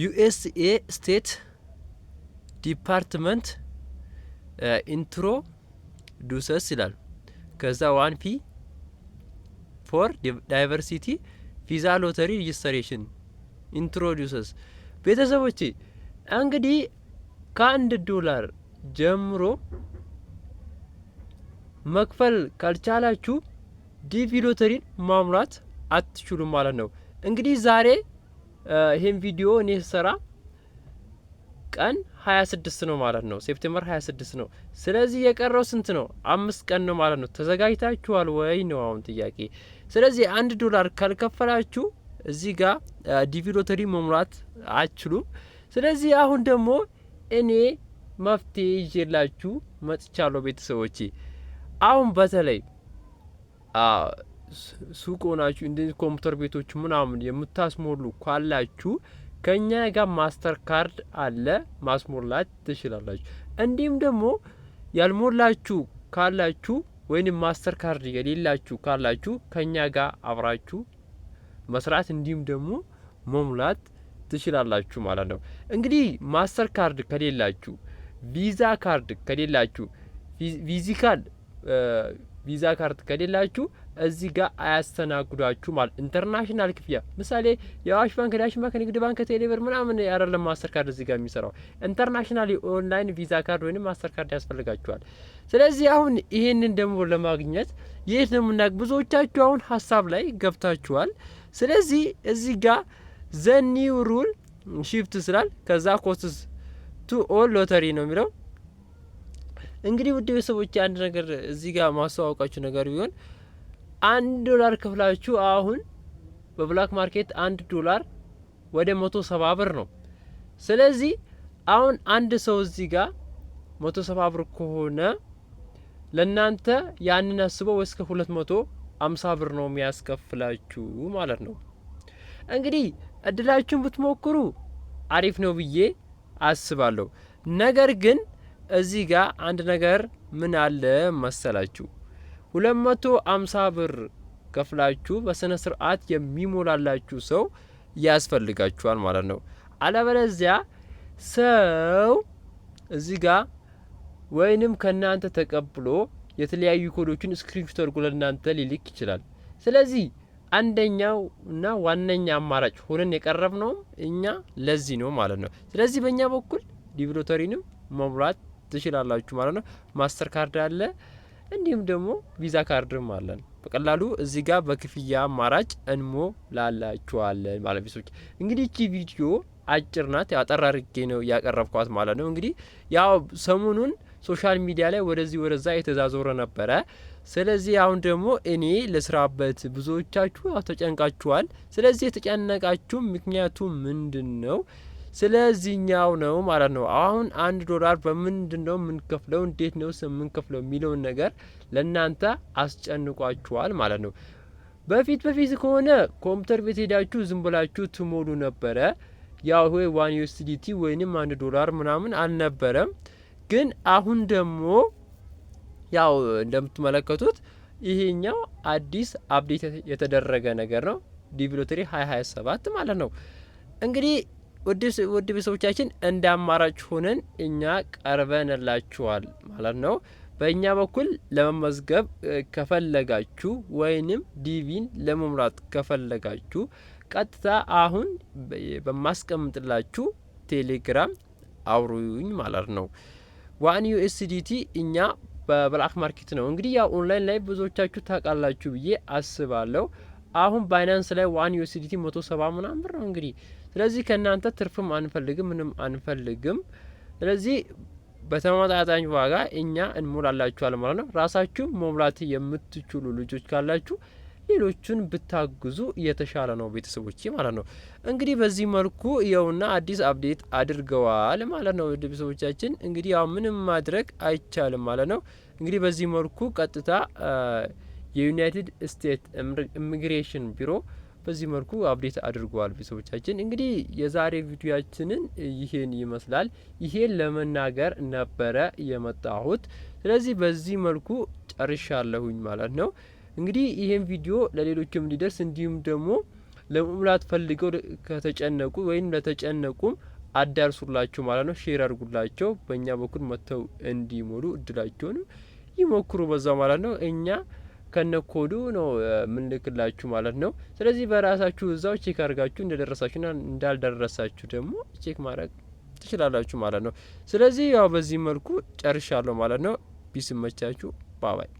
ዩኤስኤ ስቴት ዲፓርትመንት ኢንትሮ ዱሰስ ይላል። ከዛ ዋን ፒ ፎር ዳይቨርሲቲ ቪዛ ሎተሪ ሬጅስትሬሽን ኢንትሮዲውሰስ። ቤተሰቦች እንግዲህ ከአንድ ዶላር ጀምሮ መክፈል ካልቻላችሁ ዲቪ ሎተሪን ማሙላት አትችሉም ማለት ነው። እንግዲህ ዛሬ ይሄን ቪዲዮ እኔ ስሰራ ቀን 26 ነው ማለት ነው። ሴፕቴምበር 26 ነው። ስለዚህ የቀረው ስንት ነው? አምስት ቀን ነው ማለት ነው። ተዘጋጅታችኋል ወይ ነው አሁን ጥያቄ። ስለዚህ አንድ ዶላር ካልከፈላችሁ እዚህ ጋር ዲቪ ሎተሪ መሙላት አትችሉም። ስለዚህ አሁን ደግሞ እኔ መፍትሄ ይዤላችሁ መጥቻለሁ ቤተሰቦቼ። አሁን በተለይ ሱቅ ሆናችሁ እንደዚህ ኮምፒውተር ቤቶች ምናምን የምታስሞሉ ካላችሁ ከኛ ጋር ማስተር ካርድ አለ፣ ማስሞላት ትችላላችሁ። እንዲሁም ደግሞ ያልሞላችሁ ካላችሁ ወይም ማስተር ካርድ የሌላችሁ ካላችሁ ከኛ ጋር አብራችሁ መስራት እንዲሁም ደግሞ መሙላት ትችላላችሁ ማለት ነው። እንግዲህ ማስተር ካርድ ከሌላችሁ፣ ቪዛ ካርድ ከሌላችሁ፣ ቪዚካል ቪዛ ካርድ ከሌላችሁ እዚህ ጋር አያስተናግዷችሁ ማለት ኢንተርናሽናል ክፍያ ምሳሌ የአዋሽ ባንክ፣ ዳሽን ባንክ፣ ንግድ ባንክ፣ ቴሌብር ምናምን አይደለም ማስተር ካርድ እዚህ ጋር የሚሰራው ኢንተርናሽናል የኦንላይን ቪዛ ካርድ ወይም ማስተር ካርድ ያስፈልጋችኋል። ስለዚህ አሁን ይህንን ደግሞ ለማግኘት የት ነው የምናውቅ? ብዙዎቻችሁ አሁን ሀሳብ ላይ ገብታችኋል። ስለዚህ እዚህ ጋር ዘኒው ሩል ሺፍት ስላል ከዛ ኮስትስ ቱ ኦል ሎተሪ ነው የሚለው። እንግዲህ ውድ ቤተሰቦች አንድ ነገር እዚህ ጋር ማስተዋወቃችሁ ነገር ቢሆን አንድ ዶላር ክፍላችሁ አሁን በብላክ ማርኬት አንድ ዶላር ወደ መቶ ሰባ ብር ነው። ስለዚህ አሁን አንድ ሰው እዚህ ጋር መቶ ሰባ ብር ከሆነ ለእናንተ ያንን አስበው እስከ ሁለት መቶ አምሳ ብር ነው የሚያስከፍላችሁ ማለት ነው። እንግዲህ እድላችሁን ብትሞክሩ አሪፍ ነው ብዬ አስባለሁ። ነገር ግን እዚህ ጋር አንድ ነገር ምን አለ መሰላችሁ 250 ብር ከፍላችሁ በስነ ስርዓት የሚሞላላችሁ ሰው ያስፈልጋችኋል ማለት ነው። አለበለዚያ ሰው እዚህ ጋር ወይንም ከእናንተ ተቀብሎ የተለያዩ ኮዶችን ስክሪንሾት አድርጎ ለእናንተ ሊልክ ይችላል። ስለዚህ አንደኛው እና ዋነኛ አማራጭ ሆነን የቀረብ ነው እኛ ለዚህ ነው ማለት ነው። ስለዚህ በእኛ በኩል ዲቪሎተሪንም መሙላት ትችላላችሁ ማለት ነው። ማስተር ካርድ አለ እንዲሁም ደግሞ ቪዛ ካርድም አለን። በቀላሉ እዚህ ጋር በክፍያ አማራጭ እንሞ ላላችኋለን ማለት ቤቶች። እንግዲህ እቺ ቪዲዮ አጭር ናት፣ አጠራርጌ ነው እያቀረብኳት ማለት ነው። እንግዲህ ያው ሰሞኑን ሶሻል ሚዲያ ላይ ወደዚህ ወደዛ የተዛዞረ ነበረ። ስለዚህ አሁን ደግሞ እኔ ልስራበት። ብዙዎቻችሁ ያው ተጨንቃችኋል። ስለዚህ የተጨነቃችሁ ምክንያቱ ምንድን ነው? ስለዚህኛው ነው ማለት ነው። አሁን አንድ ዶላር በምንድን ነው የምንከፍለው፣ እንዴት ነው የምንከፍለው የሚለውን ነገር ለእናንተ አስጨንቋችኋል ማለት ነው። በፊት በፊት ከሆነ ኮምፒውተር ቤት ሄዳችሁ ዝም ብላችሁ ትሞሉ ነበረ። ያው ዋን ዩኤስዲቲ ወይንም አንድ ዶላር ምናምን አልነበረም። ግን አሁን ደግሞ ያው እንደምትመለከቱት ይሄኛው አዲስ አፕዴት የተደረገ ነገር ነው ዲቪሎተሪ 2027 ማለት ነው እንግዲህ ውድ ቤተሰቦቻችን እንደ አማራጭ ሆነን እኛ ቀርበንላችኋል ማለት ነው። በእኛ በኩል ለመመዝገብ ከፈለጋችሁ ወይንም ዲቪን ለመምራት ከፈለጋችሁ ቀጥታ አሁን በማስቀምጥላችሁ ቴሌግራም አውሩኝ ማለት ነው። ዋን ዩኤስዲቲ እኛ በብላክ ማርኬት ነው እንግዲህ ያው ኦንላይን ላይ ብዙዎቻችሁ ታውቃላችሁ ብዬ አስባለሁ። አሁን ባይናንስ ላይ ዋን ዩኤስዲቲ መቶ ሰባ ምናምን ብር ነው እንግዲህ። ስለዚህ ከእናንተ ትርፍም አንፈልግም ምንም አንፈልግም። ስለዚህ በተመጣጣኝ ዋጋ እኛ እንሞላላችኋል ማለት ነው። ራሳችሁ መሙላት የምትችሉ ልጆች ካላችሁ ሌሎቹን ብታግዙ የተሻለ ነው ቤተሰቦች ማለት ነው። እንግዲህ በዚህ መልኩ የውና አዲስ አፕዴት አድርገዋል ማለት ነው ቤተሰቦቻችን። እንግዲህ ያው ምንም ማድረግ አይቻልም ማለት ነው። እንግዲህ በዚህ መልኩ ቀጥታ የዩናይትድ ስቴትስ ኢሚግሬሽን ቢሮ በዚህ መልኩ አብዴት አድርጓል። ቤተሰቦቻችን እንግዲህ የዛሬ ቪዲዮያችንን ይሄን ይመስላል። ይሄን ለመናገር ነበረ የመጣሁት። ስለዚህ በዚህ መልኩ ጨርሻለሁኝ ማለት ነው። እንግዲህ ይሄን ቪዲዮ ለሌሎችም እንዲደርስ እንዲሁም ደግሞ ለመሙላት ፈልገው ከተጨነቁ ወይም ለተጨነቁም አዳርሱላቸው ማለት ነው። ሼር አድርጉላቸው። በእኛ በኩል መጥተው እንዲሞሉ እድላቸውን ይሞክሩ በዛው ማለት ነው እኛ ከነኮዱ ነው የምንልክላችሁ ማለት ነው። ስለዚህ በራሳችሁ እዛው ቼክ አድርጋችሁ እንደደረሳችሁና እንዳልደረሳችሁ ደግሞ ቼክ ማድረግ ትችላላችሁ ማለት ነው። ስለዚህ ያው በዚህ መልኩ ጨርሻለሁ ማለት ነው። ቢስመቻችሁ ባባይ